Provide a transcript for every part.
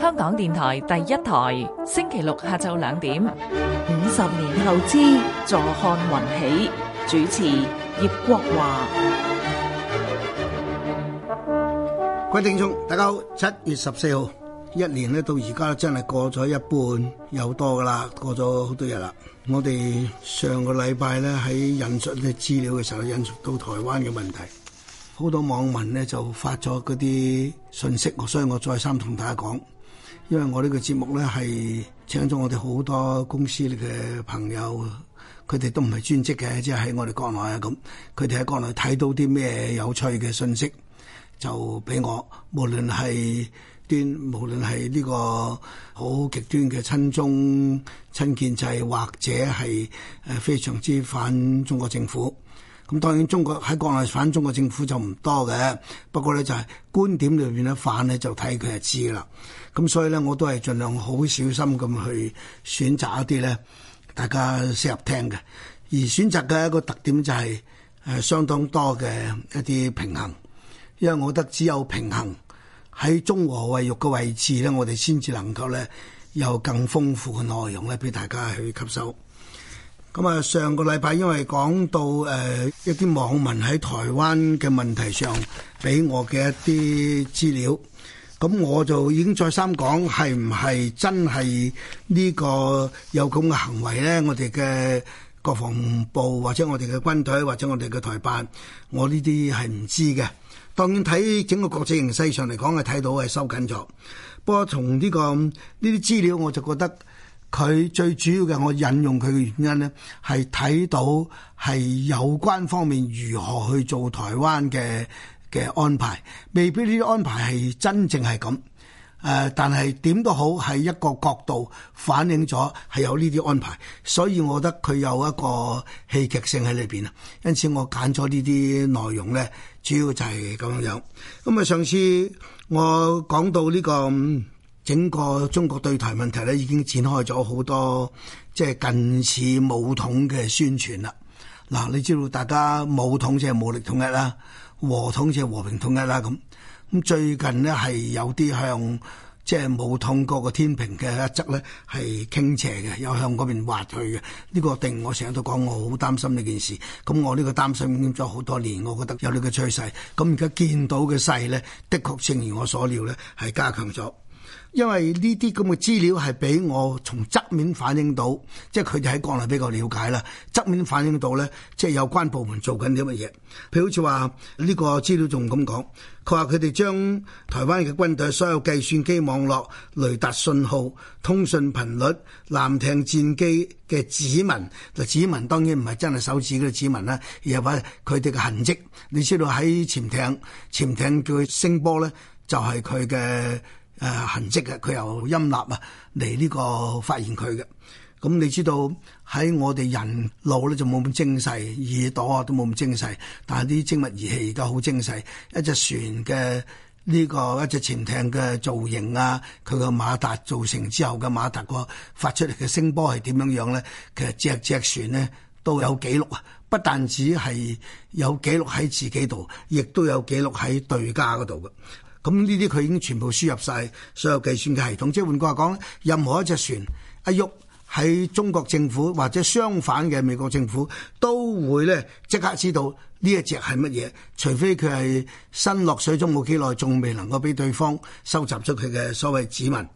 香港電台第一台，星期六下晝兩點。五十年後之坐看雲起。主持葉國華。各位聽眾，大家好。七月十四號，一年呢到而家真係過咗一半，又多噶啦，過咗好多日啦。我哋上個禮拜咧喺引述啲資料嘅時候，引述到台灣嘅問題。好多網民咧就發咗嗰啲信息，所以我再三同大家講，因為我呢個節目咧係請咗我哋好多公司嘅朋友，佢哋都唔係專職嘅，即係喺我哋國內啊咁，佢哋喺國內睇到啲咩有趣嘅信息，就俾我，無論係端，無論係呢個好極端嘅親中、親建制，或者係誒非常之反中國政府。咁當然中國喺國內反中國政府就唔多嘅，不過咧就係觀點裏面咧反咧就睇佢就知啦。咁所以咧我都係盡量好小心咁去選擇一啲咧大家適合聽嘅，而選擇嘅一個特點就係呃，相當多嘅一啲平衡，因為我覺得只有平衡喺中和衛肉嘅位置咧，我哋先至能夠咧有更豐富嘅內容咧俾大家去吸收。咁啊，上個禮拜因為講到誒一啲網民喺台灣嘅問題上俾我嘅一啲資料，咁我就已經再三講，係唔係真係呢個有咁嘅行為咧？我哋嘅國防部或者我哋嘅軍隊或者我哋嘅台辦，我呢啲係唔知嘅。當然睇整個國際形勢上嚟講，係睇到係收緊咗，不過從呢、這個呢啲資料我就覺得。佢最主要嘅，我引用佢嘅原因呢，係睇到係有關方面如何去做台灣嘅嘅安排，未必呢啲安排係真正係咁。誒、呃，但係點都好係一個角度反映咗係有呢啲安排，所以我覺得佢有一個戲劇性喺裏邊，啊。因此我揀咗呢啲內容咧，主要就係咁樣。咁啊，上次我講到呢、這個。整個中國對台問題咧已經展開咗好多，即係近似武統嘅宣傳啦。嗱，你知道大家武統即係武力統一啦，和統即係和平統一啦咁。咁最近呢，係有啲向即係武統嗰個天平嘅一側咧係傾斜嘅，有向嗰邊滑去嘅。呢個定我成日都講，我好擔心呢件事。咁我呢個擔心咗好多年，我覺得有呢個趨勢。咁而家見到嘅勢咧，的確正如我所料咧，係加強咗。因為呢啲咁嘅資料係俾我從側面反映到，即係佢哋喺國內比較了解啦。側面反映到咧，即係有關部門做緊啲乜嘢？譬如好似話呢個資料仲咁講，佢話佢哋將台灣嘅軍隊所有計算機網絡、雷達信號、通訊頻率、艦艇戰機嘅指紋，指紋當然唔係真係手指嗰啲指紋啦，而係話佢哋嘅痕跡。你知道喺潛艇，潛艇叫聲波咧，就係佢嘅。誒、呃、痕跡佢由音納啊嚟呢個發現佢嘅。咁、嗯、你知道喺我哋人腦咧就冇咁精細，耳朵都冇咁精細。但係啲精密儀器而家好精細，一隻船嘅呢、這個一隻潛艇嘅造型啊，佢個馬達造成之後嘅馬達個、啊、發出嚟嘅聲波係點樣樣咧？其實隻隻船呢都有記錄啊！不但止係有記錄喺自己度，亦都有記錄喺對家嗰度嘅。咁呢啲佢已經全部輸入晒所有計算嘅系統，即係換句話講，任何一隻船一喐，喺中國政府或者相反嘅美國政府都會咧即刻知道呢一隻係乜嘢，除非佢係新落水中冇幾耐，仲未能夠俾對方收集出佢嘅所謂指紋。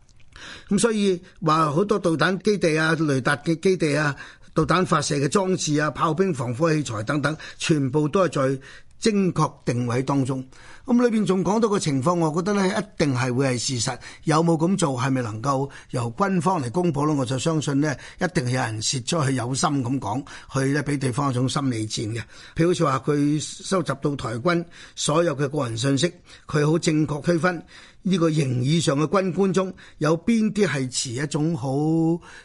咁所以話好多導彈基地啊、雷達嘅基地啊、導彈發射嘅裝置啊、炮兵防火器材等等，全部都係在精確定位當中，咁裏邊仲講到個情況，我覺得咧一定係會係事實，有冇咁做，係咪能夠由軍方嚟公布咯？我就相信咧，一定係有人洩出去，有心咁講，去咧俾對方一種心理戰嘅。譬如好似話，佢收集到台軍所有嘅個人信息，佢好正確區分呢個營以上嘅軍官中有邊啲係持一種好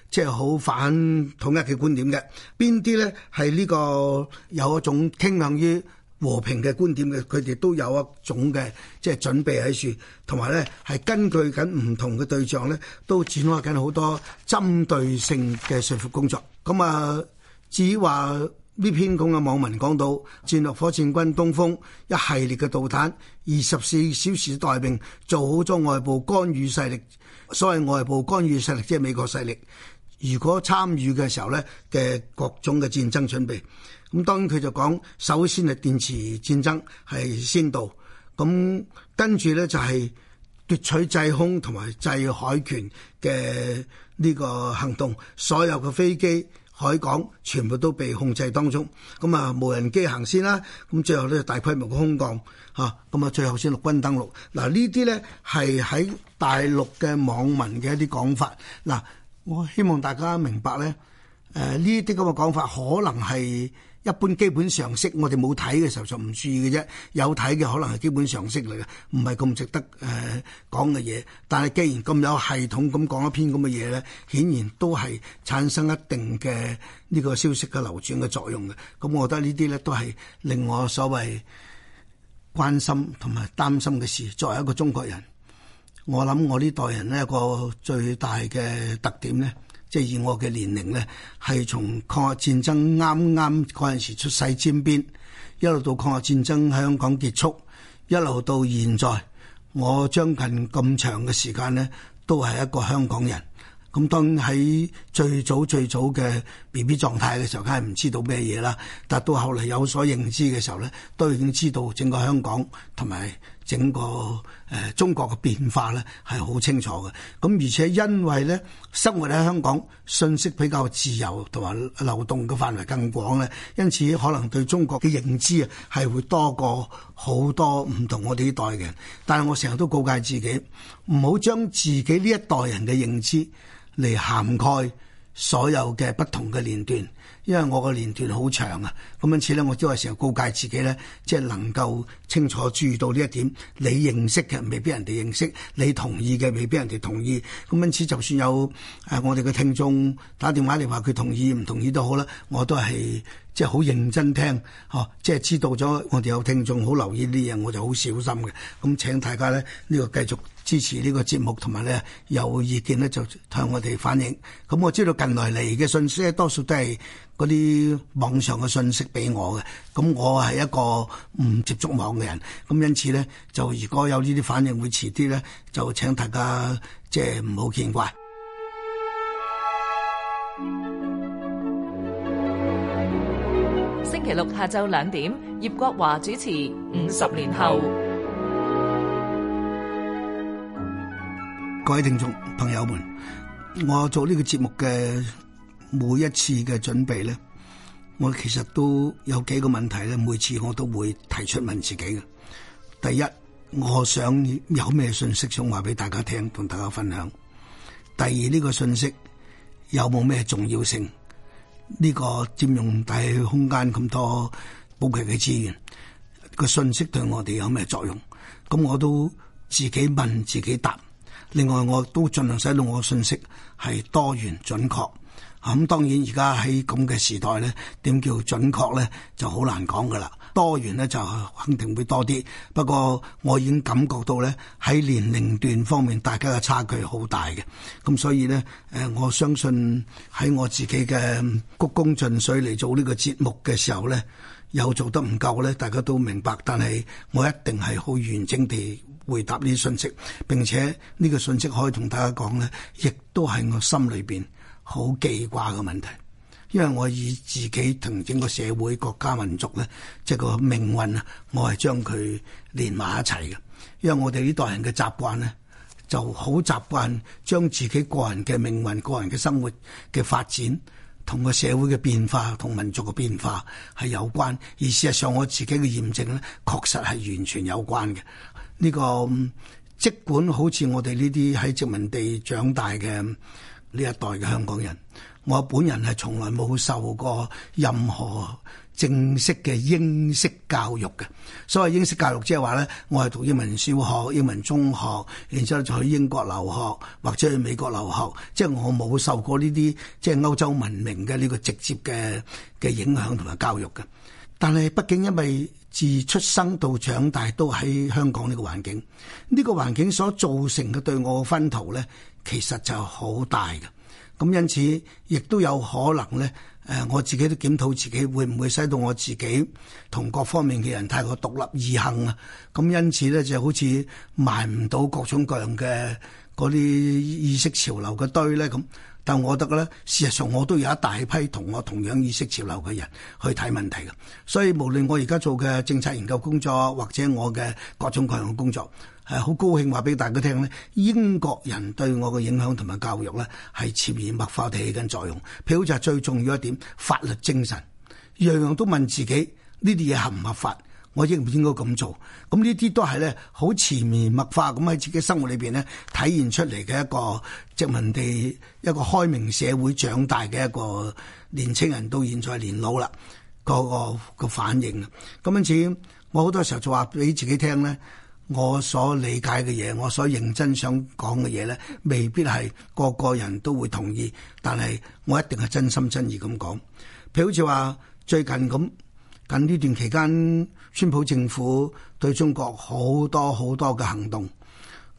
即係好反統一嘅觀點嘅，邊啲咧係呢個有一種傾向於。和平嘅觀點嘅，佢哋都有一種嘅即係準備喺處，同埋呢係根據緊唔同嘅對象呢都展開緊好多針對性嘅説服工作。咁啊，至於話呢篇咁嘅網民講到，戰略火箭軍東風一系列嘅導彈，二十四小時待命，做好咗外部干預勢力，所謂外部干預勢力即係美國勢力，如果參與嘅時候呢嘅各種嘅戰爭準備。咁當然佢就講，首先係電池戰爭係先導，咁跟住咧就係奪取制空同埋制海權嘅呢個行動，所有嘅飛機、海港全部都被控制當中。咁啊，無人機行先啦，咁最後咧大規模嘅空降，咁啊最後先陸軍登陸。嗱呢啲咧係喺大陸嘅網民嘅一啲講法。嗱，我希望大家明白咧，誒呢啲咁嘅講法可能係。一般基本常識，我哋冇睇嘅時候就唔注意嘅啫，有睇嘅可能係基本常識嚟嘅，唔係咁值得誒講嘅嘢。但係既然咁有系統咁講一篇咁嘅嘢咧，顯然都係產生一定嘅呢個消息嘅流轉嘅作用嘅。咁我覺得呢啲咧都係令我所謂關心同埋擔心嘅事。作為一個中國人，我諗我呢代人呢一個最大嘅特點咧。即係以我嘅年齡咧，係從抗日戰爭啱啱嗰陣時出世尖邊一路到抗日戰爭喺香港結束，一路到現在，我將近咁長嘅時間咧，都係一個香港人。咁當喺最早最早嘅 B B 狀態嘅時候，梗係唔知道咩嘢啦。但到後嚟有所認知嘅時候咧，都已經知道整個香港同埋整個。誒中國嘅變化咧係好清楚嘅，咁而且因為咧生活喺香港，信息比較自由同埋流動嘅範圍更廣咧，因此可能對中國嘅認知啊係會多過好多唔同我哋呢代嘅。但係我成日都告誡自己，唔好將自己呢一代人嘅認知嚟涵蓋所有嘅不同嘅年段。因為我個年段好長啊，咁因此咧，我都係成日告誡自己咧，即係能夠清楚注意到呢一點。你認識嘅未必人哋認識，你同意嘅未必人哋同意。咁因此，就算有誒、啊、我哋嘅聽眾打電話嚟話佢同意唔同意都好啦，我都係即係好認真聽，呵、啊，即係知道咗我哋有聽眾好留意呢樣，我就好小心嘅。咁請大家咧，呢、呢個繼續支持呢個節目，同埋咧有意見咧就向我哋反映。咁我知道近來嚟嘅信息咧，多數都係。嗰啲網上嘅信息俾我嘅，咁我係一個唔接觸網嘅人，咁因此咧就如果有呢啲反應會遲啲咧，就請大家即係唔好見怪。星期六下晝兩點，葉國華主持《五十年後》。各位聽眾、朋友們，我做呢個節目嘅。每一次嘅準備咧，我其實都有幾個問題咧。每次我都會提出問自己嘅。第一，我想有咩信息想話俾大家聽，同大家分享。第二，呢個信息有冇咩重要性？呢個佔用大空間咁多寶貴嘅資源，個信息對我哋有咩作用？咁我都自己問自己答。另外，我都盡量使到我嘅信息係多元準確。咁當然而家喺咁嘅時代咧，點叫準確咧，就好難講噶啦。多元咧就肯定會多啲，不過我已經感覺到咧，喺年齡段方面，大家嘅差距好大嘅。咁所以咧，誒，我相信喺我自己嘅鞠躬盡瘁嚟做呢個節目嘅時候咧，有做得唔夠咧，大家都明白。但係我一定係好完整地回答呢啲信息，並且呢個信息可以同大家講咧，亦都係我心裏邊好記掛嘅問題，因為我以自己同整個社會、國家、民族咧，即係個命運啊，我係將佢連埋一齊嘅。因為我哋呢代人嘅習慣咧，就好習慣將自己個人嘅命運、個人嘅生活嘅發展，同個社會嘅變化、同民族嘅變化係有關。而事實上我自己嘅驗證咧，確實係完全有關嘅。呢個即管好似我哋呢啲喺殖民地長大嘅呢一代嘅香港人，我本人係從來冇受過任何正式嘅英式教育嘅。所謂英式教育，即係話咧，我係讀英文小學、英文中學，然之後就去英國留學或者去美國留學，即係我冇受過呢啲即係歐洲文明嘅呢個直接嘅嘅影響同埋教育嘅。但係畢竟因為自出生到長大都喺香港呢個環境，呢個環境所造成嘅對我嘅熏陶咧。其實就好大嘅，咁因此亦都有可能咧。誒，我自己都檢討自己，會唔會使到我自己同各方面嘅人太過獨立意行啊？咁因此咧，就好似埋唔到各種各樣嘅嗰啲意識潮流嘅堆咧咁。但我覺得咧，事實上我都有一大批同我同樣意識潮流嘅人去睇問題嘅。所以無論我而家做嘅政策研究工作，或者我嘅各種各樣嘅工作。係好、啊、高興話俾大家聽咧，英國人對我嘅影響同埋教育咧，係潛移默化地起緊作用。譬如就係最重要一點，法律精神，樣樣都問自己呢啲嘢合唔合法，我應唔應該咁做。咁呢啲都係咧，好潛移默化咁喺自己生活裏面咧，體現出嚟嘅一個殖民地一個開明社會長大嘅一個年青人到現在年老啦，個個、個反應。咁樣子，我好多時候就話俾自己聽咧。我所理解嘅嘢，我所認真想講嘅嘢咧，未必係個個人都會同意，但係我一定係真心真意咁講。譬如好似話最近咁，近呢段期間，川普政府對中國好多好多嘅行動，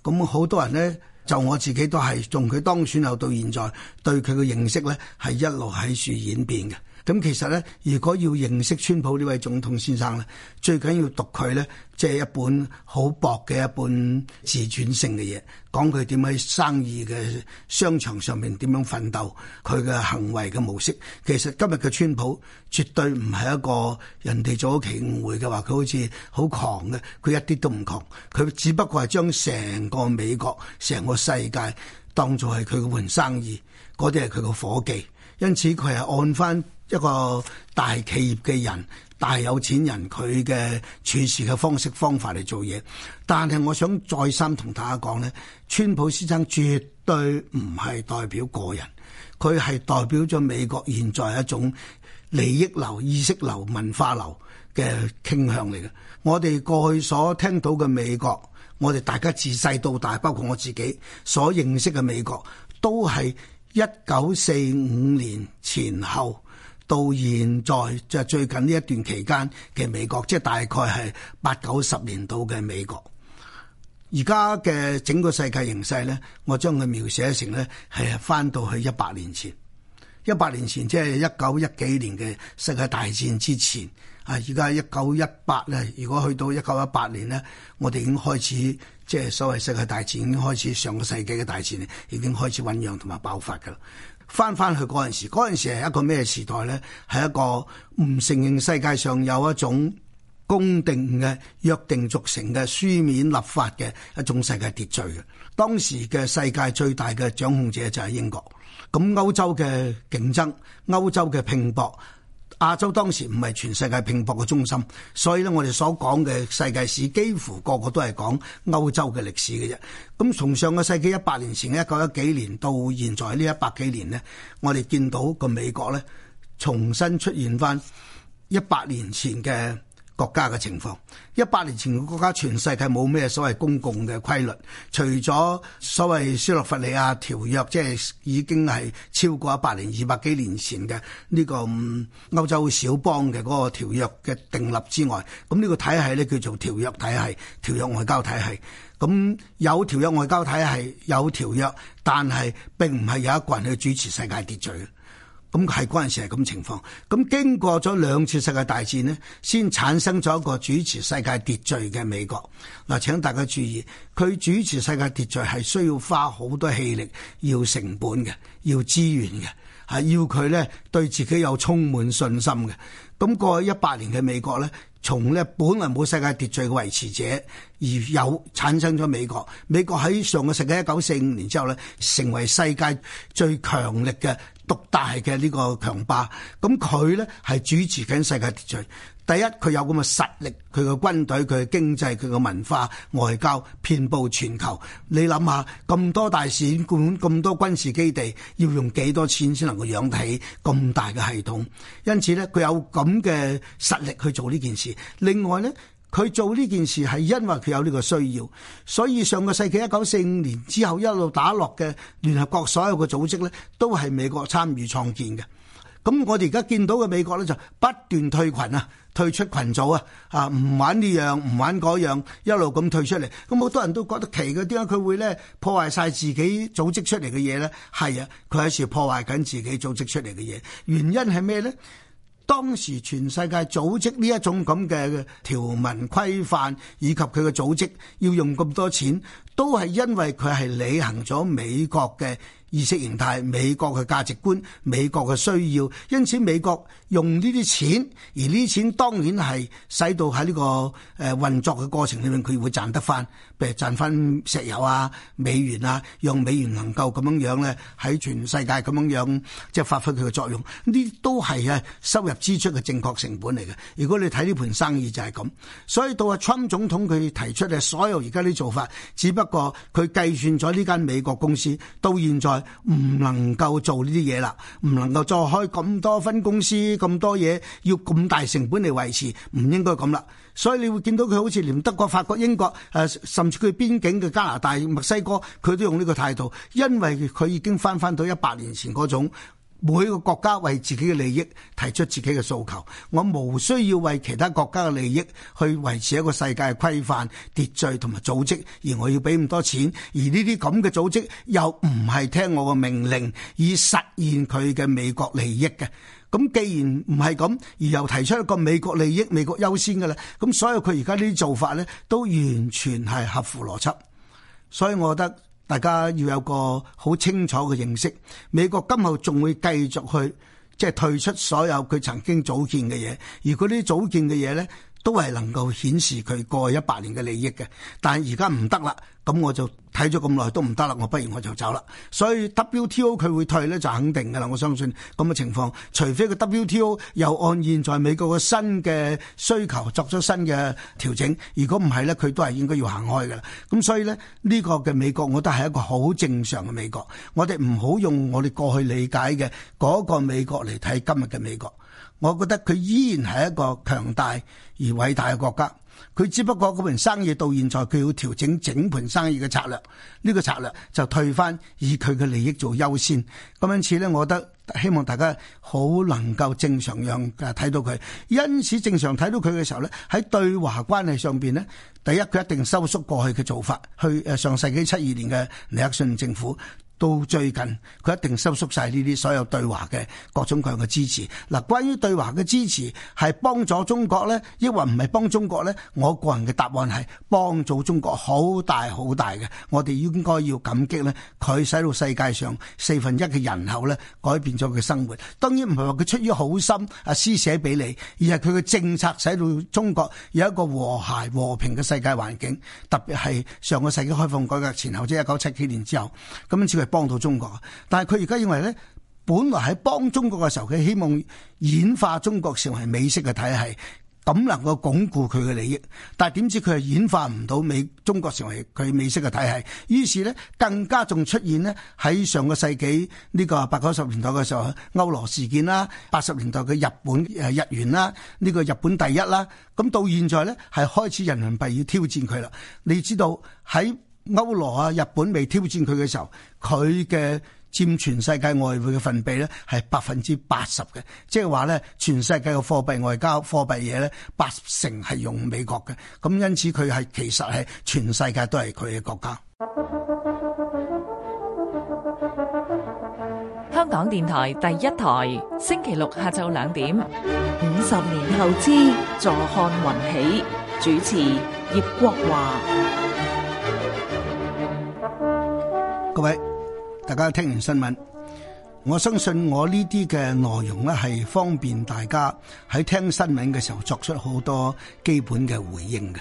咁好多人咧，就我自己都係從佢當選後到現在，對佢嘅認識咧係一路喺處演變嘅。咁其實咧，如果要認識川普呢位總統先生咧，最緊要讀佢咧，即係一本好薄嘅一本自傳性嘅嘢，講佢點喺生意嘅商場上面點樣奮鬥，佢嘅行為嘅模式。其實今日嘅川普絕對唔係一個人哋早期誤會嘅話，佢好似好狂嘅，佢一啲都唔狂。佢只不過係將成個美國、成個世界當做係佢嘅換生意，嗰啲係佢嘅夥計，因此佢係按翻，一個大企業嘅人，大有錢人，佢嘅處事嘅方式方法嚟做嘢。但係，我想再三同大家講呢，川普先生絕對唔係代表個人，佢係代表咗美國現在一種利益流、意識流、文化流嘅傾向嚟嘅。我哋過去所聽到嘅美國，我哋大家自細到大，包括我自己所認識嘅美國，都係一九四五年前後。到現在即係最近呢一段期間嘅美國，即係大概係八九十年度嘅美國。而家嘅整個世界形勢咧，我將佢描寫成咧係翻到去一百年前。一百年前即係一九一幾年嘅世界大戰之前。啊，而家一九一八咧，如果去到一九一八年咧，我哋已經開始即係、就是、所謂世界大戰已經開始，上個世紀嘅大戰已經開始醖釀同埋爆發㗎喇。翻翻去嗰陣時，嗰陣時係一個咩時代咧？係一個唔承認世界上有一種公定嘅約定俗成嘅書面立法嘅一種世界秩序嘅。當時嘅世界最大嘅掌控者就係英國。咁歐洲嘅競爭，歐洲嘅拼搏。亞洲當時唔係全世界拼搏嘅中心，所以咧我哋所講嘅世界史幾乎個個都係講歐洲嘅歷史嘅啫。咁從上個世紀一百年前一九一幾年到現在呢一百幾年呢，我哋見到個美國咧重新出現翻一百年前嘅國家嘅情況，一百年前嘅國家全世界冇咩所謂公共嘅規律，除咗所謂《斯洛伐利亞條約》，即係已經係超過一百年二百幾年前嘅呢、這個、嗯、歐洲小邦嘅嗰個條約嘅訂立之外，咁呢個體系咧叫做條約體系、條約外交體系。咁有條約外交體系有條約，但係並唔係有一個人去主持世界秩序。咁係嗰陣時係咁情況，咁經過咗兩次世界大戰呢，先產生咗一個主持世界秩序嘅美國。嗱，請大家注意，佢主持世界秩序係需要花好多氣力，要成本嘅，要資源嘅，係要佢咧對自己有充滿信心嘅。咁過去一百年嘅美國咧。從咧本來冇世界秩序嘅維持者，而有產生咗美國。美國喺上個世紀一九四五年之後咧，成為世界最強力嘅獨大嘅呢個強霸。咁佢咧係主持緊世界秩序。第一，佢有咁嘅實力，佢嘅軍隊，佢嘅經濟，佢嘅文化、外交，遍佈全球。你諗下，咁多大使館、咁多軍事基地，要用幾多錢先能夠養得起咁大嘅系統？因此咧，佢有咁嘅實力去做呢件事。另外咧，佢做呢件事係因為佢有呢個需要，所以上個世紀一九四五年之後一路打落嘅聯合國所有嘅組織咧，都係美國參與創建嘅。咁我哋而家見到嘅美國咧，就不斷退群啊，退出群組啊，啊唔玩呢樣，唔玩嗰樣，一路咁退出嚟。咁好多人都覺得奇嘅，點解佢會咧破壞晒自己組織出嚟嘅嘢咧？係啊，佢喺度破壞緊自己組織出嚟嘅嘢。原因係咩咧？當時全世界組織呢一種咁嘅條文規範，以及佢嘅組織要用咁多錢，都係因為佢係履行咗美國嘅。意識形態，美國嘅價值觀，美國嘅需要，因此美國用呢啲錢，而呢啲錢當然係使到喺呢個誒運作嘅過程裏面，佢會賺得翻，譬如賺翻石油啊、美元啊，讓美元能夠咁樣樣咧喺全世界咁樣樣即係發揮佢嘅作用。呢啲都係啊收入支出嘅正確成本嚟嘅。如果你睇呢盤生意就係咁，所以到阿 Trump 總統佢提出嘅所有而家啲做法，只不過佢計算咗呢間美國公司到現在。唔能夠做呢啲嘢啦，唔能夠再開咁多分公司，咁多嘢要咁大成本嚟維持，唔應該咁啦。所以你會見到佢好似連德國、法國、英國，誒，甚至佢邊境嘅加拿大、墨西哥，佢都用呢個態度，因為佢已經翻翻到一百年前嗰種。每個國家為自己嘅利益提出自己嘅訴求，我無需要為其他國家嘅利益去維持一個世界嘅規範秩序同埋組織，而我要俾咁多錢，而呢啲咁嘅組織又唔係聽我嘅命令以實現佢嘅美國利益嘅。咁既然唔係咁，而又提出一個美國利益、美國優先嘅喇，咁所有佢而家呢啲做法呢，都完全係合乎邏輯，所以我覺得。大家要有個好清楚嘅認識，美國今後仲會繼續去即係、就是、退出所有佢曾經組建嘅嘢，而果啲組建嘅嘢咧，都係能夠顯示佢過去一百年嘅利益嘅，但係而家唔得啦，咁我就睇咗咁耐都唔得啦，我不如我就走啦。所以 WTO 佢會退呢，就肯定噶啦，我相信咁嘅情況。除非個 WTO 又按現在美國嘅新嘅需求作出新嘅調整，如果唔係呢，佢都係應該要行開噶啦。咁所以呢，呢個嘅美國，我覺得係一個好正常嘅美國。我哋唔好用我哋過去理解嘅嗰個美國嚟睇今日嘅美國。我覺得佢依然係一個強大而偉大嘅國家，佢只不過嗰盤生意到現在佢要調整整盤生意嘅策略，呢個策略就退返以佢嘅利益做優先。咁因此咧，我覺得希望大家好能夠正常樣睇到佢。因此正常睇到佢嘅時候咧，喺對華關係上面咧，第一佢一定收縮過去嘅做法，去誒上世紀七二年嘅尼克遜政府。到最近，佢一定收縮晒呢啲所有對華嘅各種各樣嘅支持。嗱，關於對華嘅支持係幫助中國咧，抑或唔係幫中國咧？我個人嘅答案係幫助中國好大好大嘅。我哋應該要感激咧，佢使到世界上四分一嘅人口咧，改變咗佢生活。當然唔係話佢出於好心啊，施捨俾你，而係佢嘅政策使到中國有一個和諧和平嘅世界環境。特別係上個世紀開放改革前後即係一九七幾年之後，咁幫到中國，但係佢而家認為咧，本來喺幫中國嘅時候，佢希望演化中國成為美式嘅體系，咁能夠鞏固佢嘅利益。但係點知佢係演化唔到美中國成為佢美式嘅體系，於是咧更加仲出現呢，喺上個世紀呢個八九十年代嘅時候，歐羅事件啦，八十年代嘅日本誒日元啦，呢個日本第一啦，咁到現在咧係開始人民幣要挑戰佢啦。你知道喺？歐羅啊，日本未挑戰佢嘅時候，佢嘅佔全世界外匯嘅份比咧係百分之八十嘅，即係話咧，全世界嘅貨幣外交、貨幣嘢咧，八成係用美國嘅，咁因此佢係其實係全世界都係佢嘅國家。香港電台第一台，星期六下晝兩點，五十年後之坐看雲起，主持葉國華。大家聽完新聞，我相信我呢啲嘅內容咧係方便大家喺聽新聞嘅時候作出好多基本嘅回應嘅。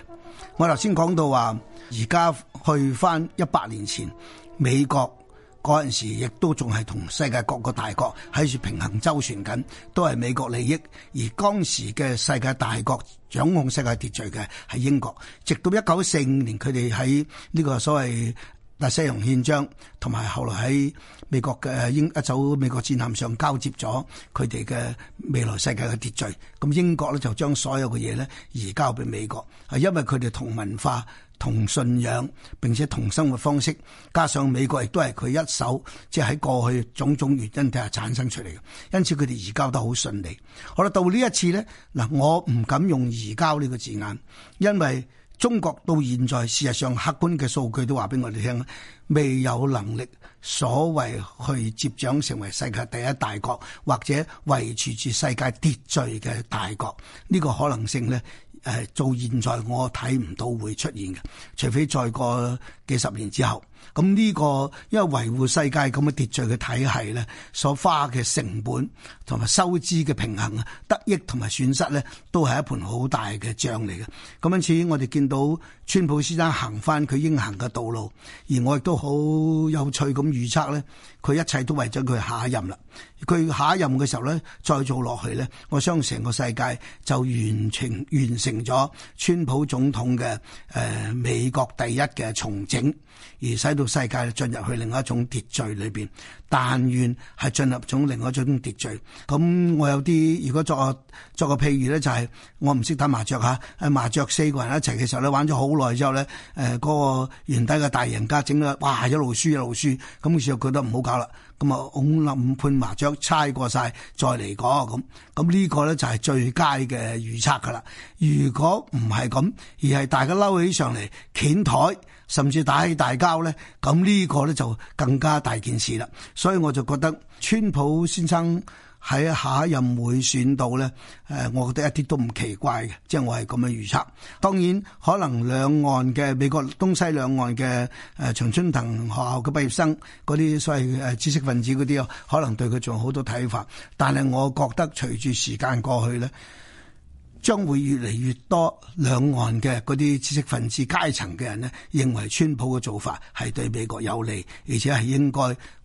我頭先講到話，而家去翻一百年前美國嗰陣時，亦都仲係同世界各個大國喺度平衡周旋緊，都係美國利益。而當時嘅世界大國掌控世界秩序嘅係英國，直到一九四五年佢哋喺呢個所謂。但西洋憲章同埋後來喺美國嘅英一組美國戰艦上交接咗佢哋嘅未來世界嘅秩序，咁英國咧就將所有嘅嘢咧移交俾美國，係因為佢哋同文化、同信仰、並且同生活方式，加上美國亦都係佢一手，即係喺過去種種原因底下產生出嚟嘅，因此佢哋移交得好順利。好啦，到呢一次咧，嗱我唔敢用移交呢個字眼，因為。中國到現在事實上，客觀嘅數據都話俾我哋聽，未有能力所謂去接掌成為世界第一大國，或者維持住世界秩序嘅大國呢、呢個可能性呢，誒到現在我睇唔到會出現嘅，除非再過幾十年之後。咁、這、呢個，因為維護世界咁嘅秩序嘅體系咧，所花嘅成本同埋收支嘅平衡啊，得益同埋損失咧，都係一盤好大嘅賬嚟嘅。咁因此我哋見到川普先生行翻佢應行嘅道路，而我亦都好有趣咁預測咧，佢一切都為咗佢下一任啦。佢下一任嘅時候咧，再做落去咧，我相信成個世界就完成完成咗川普總統嘅誒、呃、美國第一嘅重整，而使。到世界進入去另外一種秩序裏邊，但願係進入種另外一種秩序。咁我有啲如果作個作個譬如咧，就係、是、我唔識打麻雀吓，喺、啊、麻雀四個人一齊嘅時候咧，其實玩咗好耐之後咧，誒，嗰個原底嘅大贏家整咗，哇，一路輸一路輸，咁嘅時候覺得唔好搞啦。咁啊，五輪五盤麻雀，猜過晒再嚟講咁。咁呢個咧就係最佳嘅預測噶啦。如果唔係咁，而係大家嬲起上嚟掀台，甚至打起大交呢，咁呢個呢就更加大件事啦。所以我就覺得川普先生喺下一任會選到呢，誒，我覺得一啲都唔奇怪嘅，即係我係咁樣預測。當然可能兩岸嘅美國東西兩岸嘅誒長春藤學校嘅畢業生嗰啲所謂誒知識分子嗰啲啊，可能對佢仲有好多睇法，但係我覺得隨住時間過去呢。將會越嚟越多兩岸嘅嗰啲知識分子階層嘅人呢，認為川普嘅做法係對美國有利，而且係應該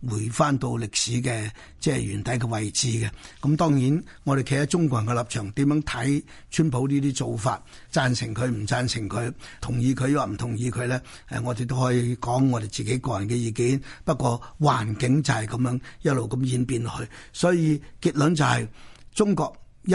回翻到歷史嘅即係原底嘅位置嘅。咁當然我哋企喺中國人嘅立場，點樣睇川普呢啲做法？贊成佢唔贊成佢，同意佢或唔同意佢咧？誒，我哋都可以講我哋自己個人嘅意見。不過環境就係咁樣一路咁演變落去，所以結論就係、是、中國一。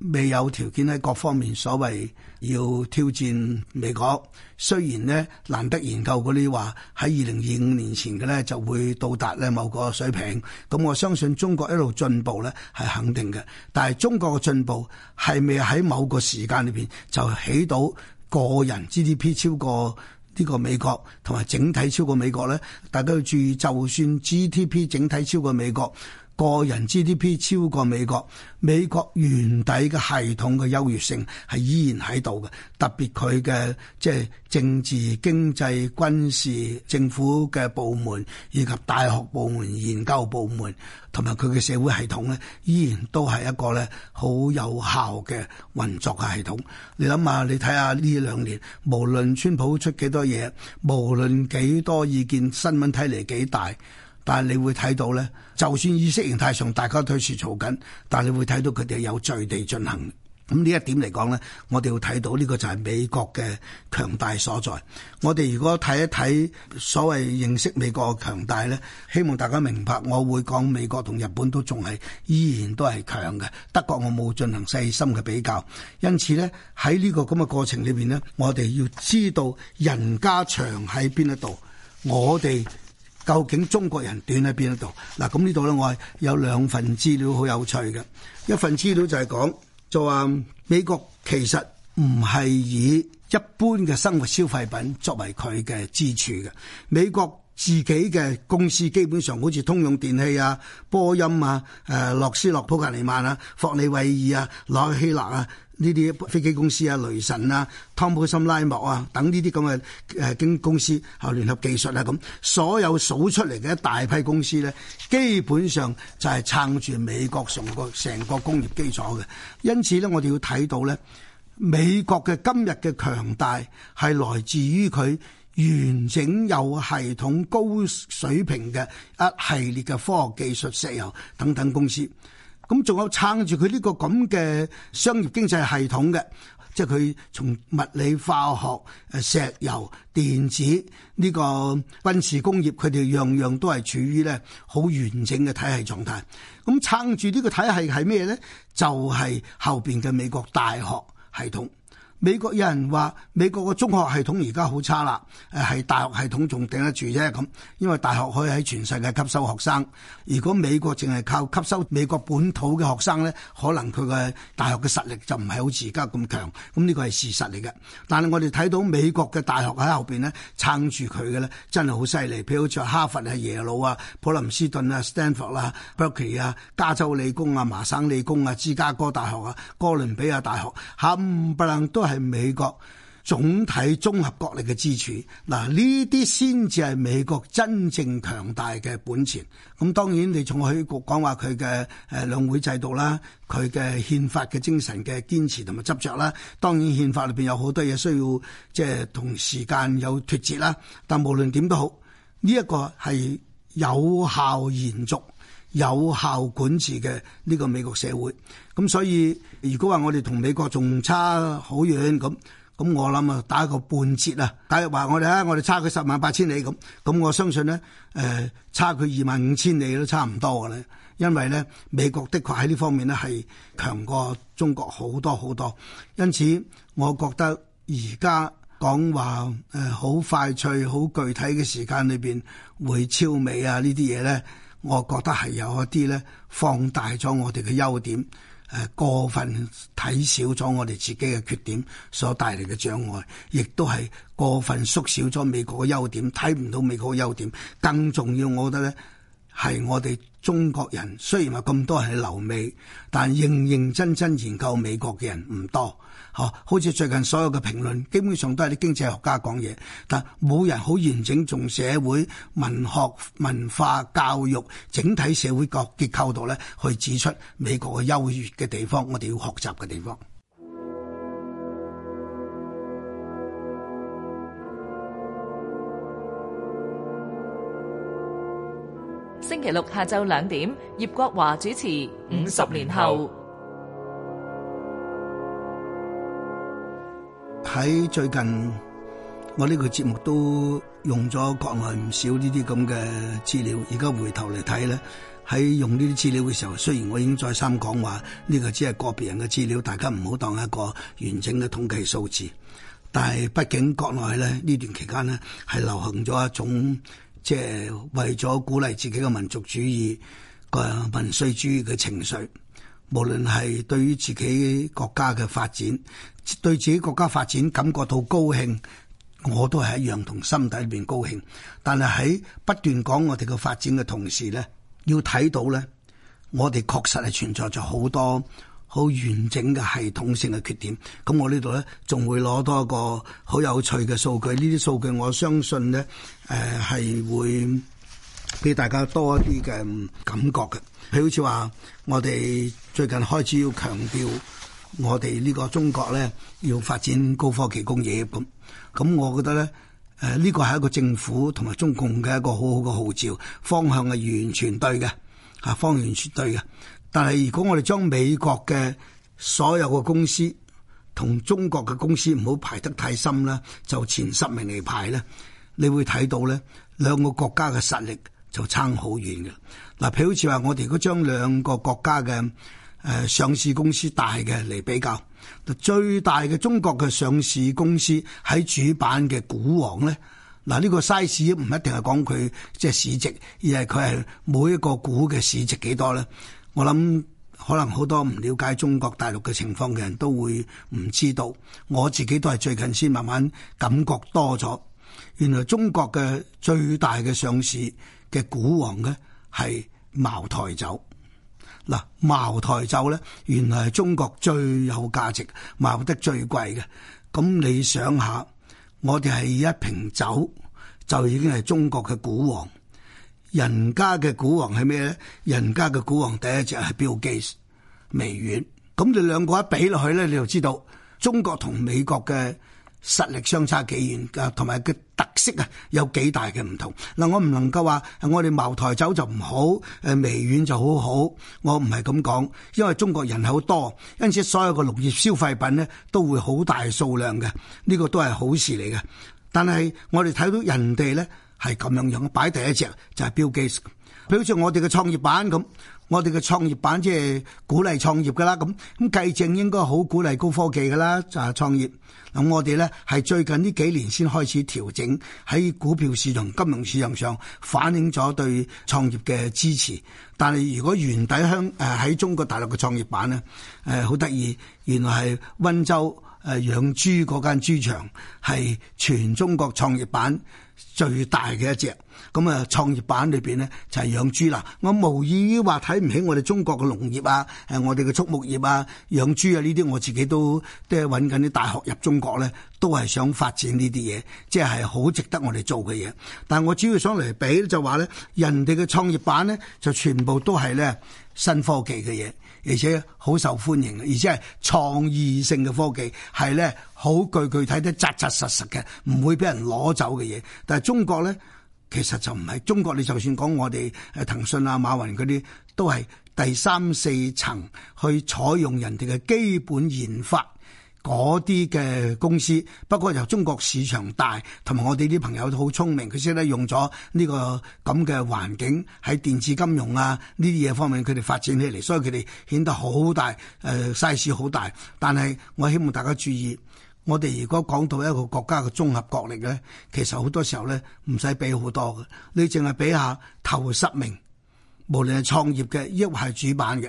未有條件喺各方面，所謂要挑戰美國，雖然咧，難得研究嗰啲話喺二零二五年前嘅咧就會到達咧某個水平。咁我相信中國一路進步咧係肯定嘅，但係中國嘅進步係未喺某個時間裏邊就起到個人 GDP 超過呢個美國同埋整體超過美國咧。大家要注意，就算 GDP 整體超過美國。個人 GDP 超過美國，美國原底嘅系統嘅優越性係依然喺度嘅，特別佢嘅即係政治、經濟、軍事、政府嘅部門，以及大學部門、研究部門，同埋佢嘅社會系統咧，依然都係一個咧好有效嘅運作嘅系統。你諗下，你睇下呢兩年，無論川普出幾多嘢，無論幾多意見，新聞睇嚟幾大。但係你會睇到咧，就算意識形態上大家對峙嘈緊，但係你會睇到佢哋有序地進行。咁呢一點嚟講咧，我哋要睇到呢個就係美國嘅強大所在。我哋如果睇一睇所謂認識美國嘅強大咧，希望大家明白，我會講美國同日本都仲係依然都係強嘅。德國我冇進行細心嘅比較，因此咧喺呢個咁嘅過程裏面呢，我哋要知道人家長喺邊一度，我哋。究竟中國人短喺邊一度？嗱，咁呢度咧，我有兩份資料好有趣嘅。一份資料就係講，就話美國其實唔係以一般嘅生活消費品作為佢嘅支柱嘅。美國自己嘅公司基本上好似通用電器啊、波音啊、誒諾斯洛普格尼曼啊、霍尼維爾啊、奈希勒啊。呢啲飛機公司啊，雷神啊，湯普森拉莫啊，等呢啲咁嘅誒經公司啊，聯合技術啊，咁所有數出嚟嘅一大批公司咧，基本上就係撐住美國成個成個工業基礎嘅。因此咧，我哋要睇到咧，美國嘅今日嘅強大係來自於佢完整有系統高水平嘅一系列嘅科學技術、石油等等公司。咁仲有撐住佢呢個咁嘅商業經濟系統嘅，即係佢從物理化學、誒石油、電子呢個軍事工業，佢哋樣樣都係處於咧好完整嘅體系狀態。咁撐住呢個體系係咩咧？就係、是、後邊嘅美國大學系統。美國有人話美國嘅中學系統而家好差啦，誒係大學系統仲頂得住啫咁，因為大學可以喺全世界吸收學生。如果美國淨係靠吸收美國本土嘅學生咧，可能佢嘅大學嘅實力就唔係好似而家咁強。咁呢個係事實嚟嘅。但係我哋睇到美國嘅大學喺後邊咧撐住佢嘅咧，真係好犀利。譬如好似哈佛啊、耶魯啊、普林斯頓啊、Stanford 啦、Berkeley 啊、加州理工啊、麻省理工啊、芝加哥大學啊、哥倫比亞大學，冚唪唥都係。係美國總體綜合國力嘅支柱，嗱呢啲先至係美國真正強大嘅本錢。咁當然，你從佢講話佢嘅誒兩會制度啦，佢嘅憲法嘅精神嘅堅持同埋執着啦，當然憲法裏邊有好多嘢需要即係同時間有脫節啦。但無論點都好，呢一個係有效延續，有效管治嘅呢個美國社會，咁所以如果話我哋同美國仲差好遠，咁咁我諗啊，打個半折啊，假如話我哋啊，我哋差佢十萬八千里咁，咁我相信咧，誒、呃、差佢二萬五千里都差唔多嘅咧，因為咧美國的確喺呢方面咧係強過中國好多好多，因此我覺得而家講話誒好快脆、好具體嘅時間裏面，會超美啊呢啲嘢咧。我覺得係有一啲咧放大咗我哋嘅優點，誒過分睇少咗我哋自己嘅缺點所帶嚟嘅障礙，亦都係過分縮小咗美國嘅優點，睇唔到美國嘅優點。更重要，我覺得咧係我哋中國人，雖然話咁多人留美，但認認真真研究美國嘅人唔多。吓，好似最近所有嘅評論，基本上都係啲經濟學家講嘢，但冇人好完整從社會、文學、文化、教育整體社會各結構度咧，去指出美國嘅優越嘅地方，我哋要學習嘅地方。星期六下晝兩點，葉國華主持《五十年後》。喺最近，我呢個節目都用咗國內唔少呢啲咁嘅資料。而家回頭嚟睇咧，喺用呢啲資料嘅時候，雖然我已經再三講話，呢、這個只係個別人嘅資料，大家唔好當一個完整嘅統計數字。但係畢竟國內咧呢這段期間咧，係流行咗一種即係、就是、為咗鼓勵自己嘅民族主義個民粹主義嘅情緒。無論係對於自己國家嘅發展，對自己國家發展感覺到高興，我都係一樣同心底裏邊高興。但係喺不斷講我哋嘅發展嘅同時咧，要睇到咧，我哋確實係存在咗好多好完整嘅系統性嘅缺點。咁我呢度咧，仲會攞多一個好有趣嘅數據。呢啲數據我相信咧，誒係會俾大家多一啲嘅感覺嘅。譬如好似話。我哋最近開始要強調，我哋呢個中國咧要發展高科技工業。咁，咁我覺得咧，誒呢個係一個政府同埋中共嘅一個好好嘅號召，方向係完全對嘅，方向完全對嘅。但係如果我哋將美國嘅所有嘅公司同中國嘅公司唔好排得太深啦，就前十名嚟排咧，你會睇到咧兩個國家嘅實力。就差好遠嘅，嗱，譬如好似話，我哋如果將兩個國家嘅誒上市公司大嘅嚟比較，最大嘅中國嘅上市公司喺主板嘅股王咧，嗱、這、呢個 size 唔一定係講，佢即係市值，而係佢係每一個股嘅市值幾多咧。我諗可能好多唔了解中國大陸嘅情況嘅人都會唔知道，我自己都係最近先慢慢感覺多咗，原來中國嘅最大嘅上市。嘅股王呢係茅台酒。嗱，茅台酒咧原來係中國最有價值、賣得最貴嘅。咁你想下，我哋係一瓶酒就已經係中國嘅股王。人家嘅股王係咩咧？人家嘅股王第一隻係 Bill Gates 微軟。咁你兩個一比落去咧，你就知道中國同美國嘅實力相差幾遠噶，同埋佢特色啊，有幾大嘅唔同嗱，我唔能夠話我哋茅台酒就唔好，誒微軟就好好，我唔係咁講，因為中國人口多，因此所有嘅農業消費品咧都會好大數量嘅，呢個都係好事嚟嘅。但係我哋睇到人哋咧係咁樣樣擺第一隻就係 Bill Gates。比如好似我哋嘅創業板咁，我哋嘅創業板即係鼓勵創業噶啦，咁咁計政應該好鼓勵高科技噶啦，就係創業。咁我哋咧係最近呢幾年先開始調整喺股票市同金融市場上反映咗對創業嘅支持。但係如果原底香喺中國大陸嘅創業板咧，好得意，原來係溫州誒養豬嗰間豬場係全中國創業板。最大嘅一隻咁啊，創業板裏邊咧就係養豬啦。我無意於話睇唔起我哋中國嘅農業啊，誒我哋嘅畜牧業啊、養豬啊呢啲，我自己都即係揾緊啲大學入中國咧，都係想發展呢啲嘢，即係好值得我哋做嘅嘢。但係我主要想嚟比就話咧，人哋嘅創業板咧就全部都係咧新科技嘅嘢，而且好受歡迎，而且係創意性嘅科技，係咧好具具體得紮紮實實嘅，唔會俾人攞走嘅嘢。但係中國咧其實就唔係中國，你就算講我哋誒騰訊啊、馬雲嗰啲，都係第三四層去採用人哋嘅基本研發嗰啲嘅公司。不過由中國市場大，同埋我哋啲朋友都好聰明，佢先得用咗呢、這個咁嘅環境喺電子金融啊呢啲嘢方面，佢哋發展起嚟，所以佢哋顯得好大、呃、size 好大。但係我希望大家注意。我哋如果講到一個國家嘅綜合國力咧，其實好多時候咧唔使比好多嘅，你淨係比下頭十名，無論係創業嘅，亦或係主板嘅，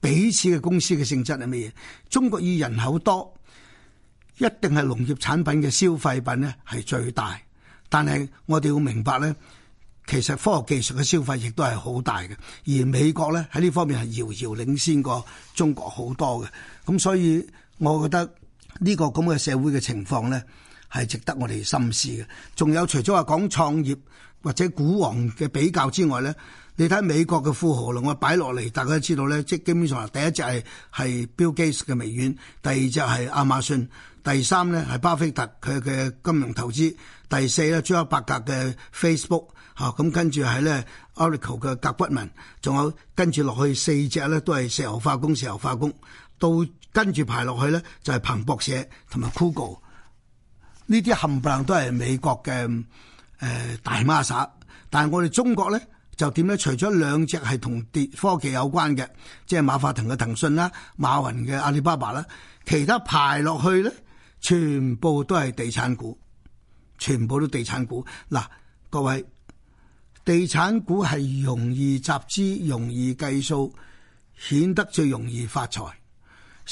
彼此嘅公司嘅性質係乜嘢？中國以人口多，一定係農業產品嘅消費品咧係最大，但係我哋要明白咧，其實科學技術嘅消費亦都係好大嘅，而美國咧喺呢方面係遙遙領先過中國好多嘅，咁所以我覺得。呢、這個咁嘅社會嘅情況咧，係值得我哋深思嘅。仲有除咗話講創業或者股王嘅比較之外咧，你睇美國嘅富豪啦，我擺落嚟，大家都知道咧，即基本上第一隻係 Bill Gates 嘅微軟，第二隻係亞馬遜，第三咧係巴菲特佢嘅金融投資，第四咧朱克伯格嘅 Facebook 咁、啊、跟住係咧 Oracle 嘅甲骨文，仲有跟住落去四隻咧都係石油化工，石油化工都。跟住排落去咧，就係彭博社同埋 Google 呢啲冚唪唥都係美國嘅誒、呃、大孖沙，但係我哋中國咧就點咧？除咗兩隻係同跌科技有關嘅，即係馬化騰嘅騰訊啦，馬雲嘅阿里巴巴啦，其他排落去咧，全部都係地產股，全部都地產股。嗱，各位地產股係容易集資，容易計數，顯得最容易發財。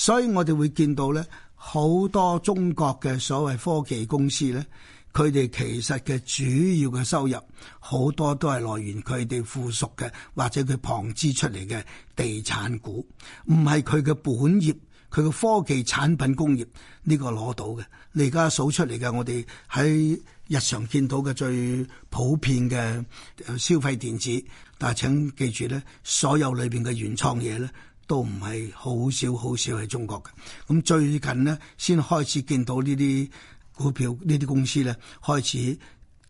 所以我哋會見到咧，好多中國嘅所謂科技公司咧，佢哋其實嘅主要嘅收入，好多都係來源佢哋附屬嘅或者佢旁支出嚟嘅地產股，唔係佢嘅本業，佢嘅科技產品工業呢個攞到嘅。你而家數出嚟嘅，我哋喺日常見到嘅最普遍嘅消費電子，但係請記住咧，所有裏邊嘅原創嘢咧。都唔係好少，好少喺中國嘅。咁最近呢，先開始見到呢啲股票、呢啲公司咧，開始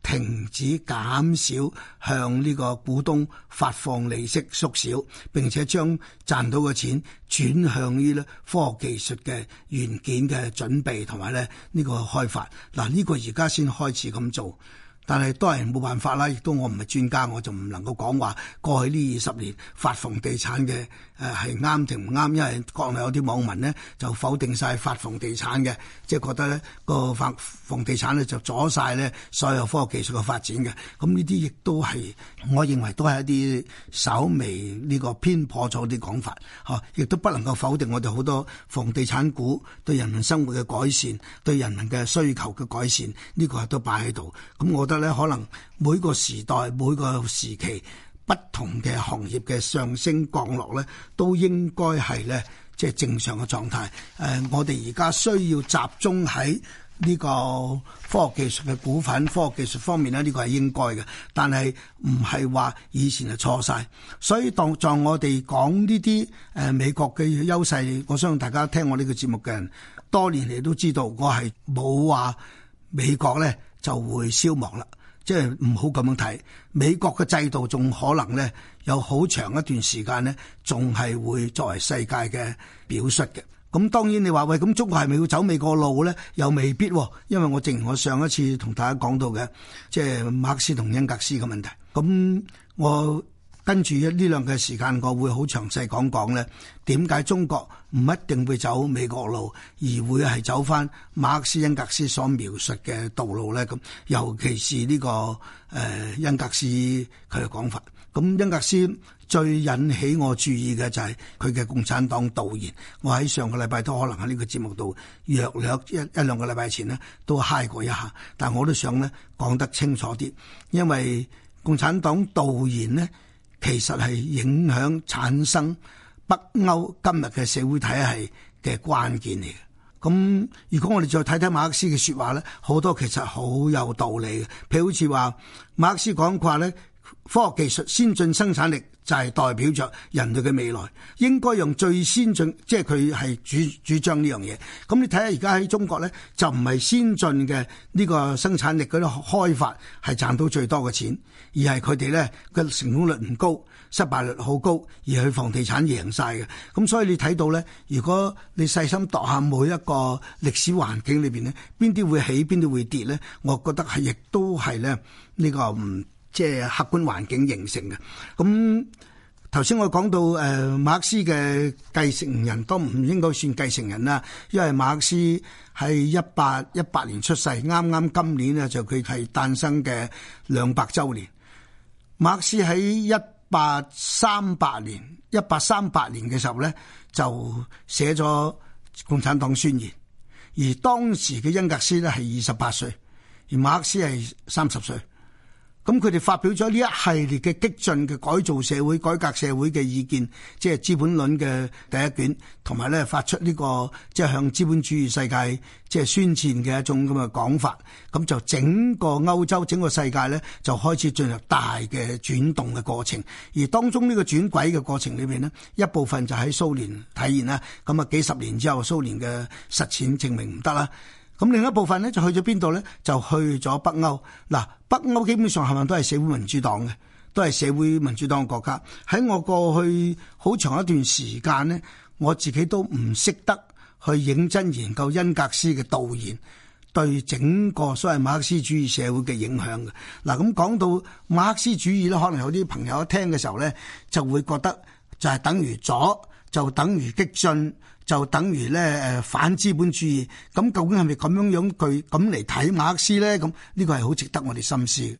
停止減少向呢個股東發放利息，縮小，縮少，並且將賺到嘅錢轉向於咧科學技術嘅元件嘅準備同埋咧呢個開發。嗱，呢個而家先開始咁做。但係都係冇辦法啦，亦都我唔係專家，我就唔能夠講話過去呢二十年發房地產嘅誒係啱定唔啱，因為國內有啲網民呢就否定晒發房地產嘅，即係覺得呢個發房地產呢就阻晒呢所有科學技術嘅發展嘅。咁呢啲亦都係我認為都係一啲稍微呢個偏頗咗啲講法，嚇、啊、亦都不能夠否定我哋好多房地產股對人民生活嘅改善，對人民嘅需求嘅改善呢、呢個都擺喺度。咁我。得咧，可能每個時代、每個時期，不同嘅行業嘅上升降落咧，都應該係咧，即係正常嘅狀態。誒，我哋而家需要集中喺呢個科學技術嘅股份、科學技術方面咧，呢個係應該嘅。但係唔係話以前係錯晒。所以當在我哋講呢啲誒美國嘅優勢，我相信大家聽我呢個節目嘅人，多年嚟都知道，我係冇話美國咧。就會消亡啦，即係唔好咁樣睇。美國嘅制度仲可能咧，有好長一段時間咧，仲係會作為世界嘅表述嘅。咁當然你話喂，咁中國係咪要走美國路咧？又未必喎，因為我正如我上一次同大家講到嘅，即係馬克思同恩格斯嘅問題。咁我。跟住一呢兩個時間，我會好詳細講講咧，點解中國唔一定會走美國路，而會係走返馬克思、恩格斯所描述嘅道路咧。咁尤其是呢個誒呃、恩格斯佢嘅講法。咁恩格斯最引起我注意嘅就係佢嘅共產黨導言。我喺上個禮拜都可能喺呢個節目度，約略一一兩個禮拜前呢都嗨過一下，但我都想咧講得清楚啲，因為共產黨導言呢。其實係影響產生北歐今日嘅社會體系嘅關鍵嚟嘅。咁如果我哋再睇睇馬克思嘅說話咧，好多其實好有道理嘅。譬如，好似話馬克思講過咧，科學技術先進生產力就係代表着人類嘅未來，應該用最先進，即係佢係主主張呢樣嘢。咁你睇下而家喺中國咧，就唔係先進嘅呢個生產力嗰開發係賺到最多嘅錢。而係佢哋咧，個成功率唔高，失敗率好高，而佢房地產贏晒嘅。咁所以你睇到咧，如果你細心度下每一個歷史環境裏邊呢，邊啲會起，邊啲會跌咧，我覺得係亦都係咧呢個唔即係客觀環境形成嘅。咁頭先我講到誒、呃、馬克思嘅繼承人，都唔應該算繼承人啦，因為馬克思喺一八一八年出世，啱啱今年呢就佢係誕生嘅兩百周年。馬克思喺一八三八年，一八三八年嘅時候咧，就寫咗《共產黨宣言》，而當時嘅恩格斯咧係二十八歲，而馬克思係三十歲。咁佢哋發表咗呢一系列嘅激進嘅改造社會、改革社會嘅意見，即係《資本論》嘅第一卷，同埋咧發出呢、這個即係、就是、向資本主義世界即係宣戰嘅一種咁嘅講法。咁就整個歐洲、整個世界咧就開始進入大嘅轉動嘅過程。而當中呢個轉軌嘅過程裏面呢，一部分就喺蘇聯體現啦。咁啊幾十年之後，蘇聯嘅實踐證明唔得啦。咁另一部分咧就去咗邊度咧？就去咗北歐。嗱，北歐基本上係咪都係社會民主黨嘅，都係社會民主黨嘅國家。喺我過去好長一段時間咧，我自己都唔識得去認真研究恩格斯嘅導言對整個所謂馬克思主義社會嘅影響嘅。嗱，咁講到馬克思主義咧，可能有啲朋友一聽嘅時候咧，就會覺得就係等於左，就等於激進。就等於咧，誒，反資本主義，咁究竟係咪咁樣樣佢咁嚟睇馬克思咧？咁呢個係好值得我哋深思嘅。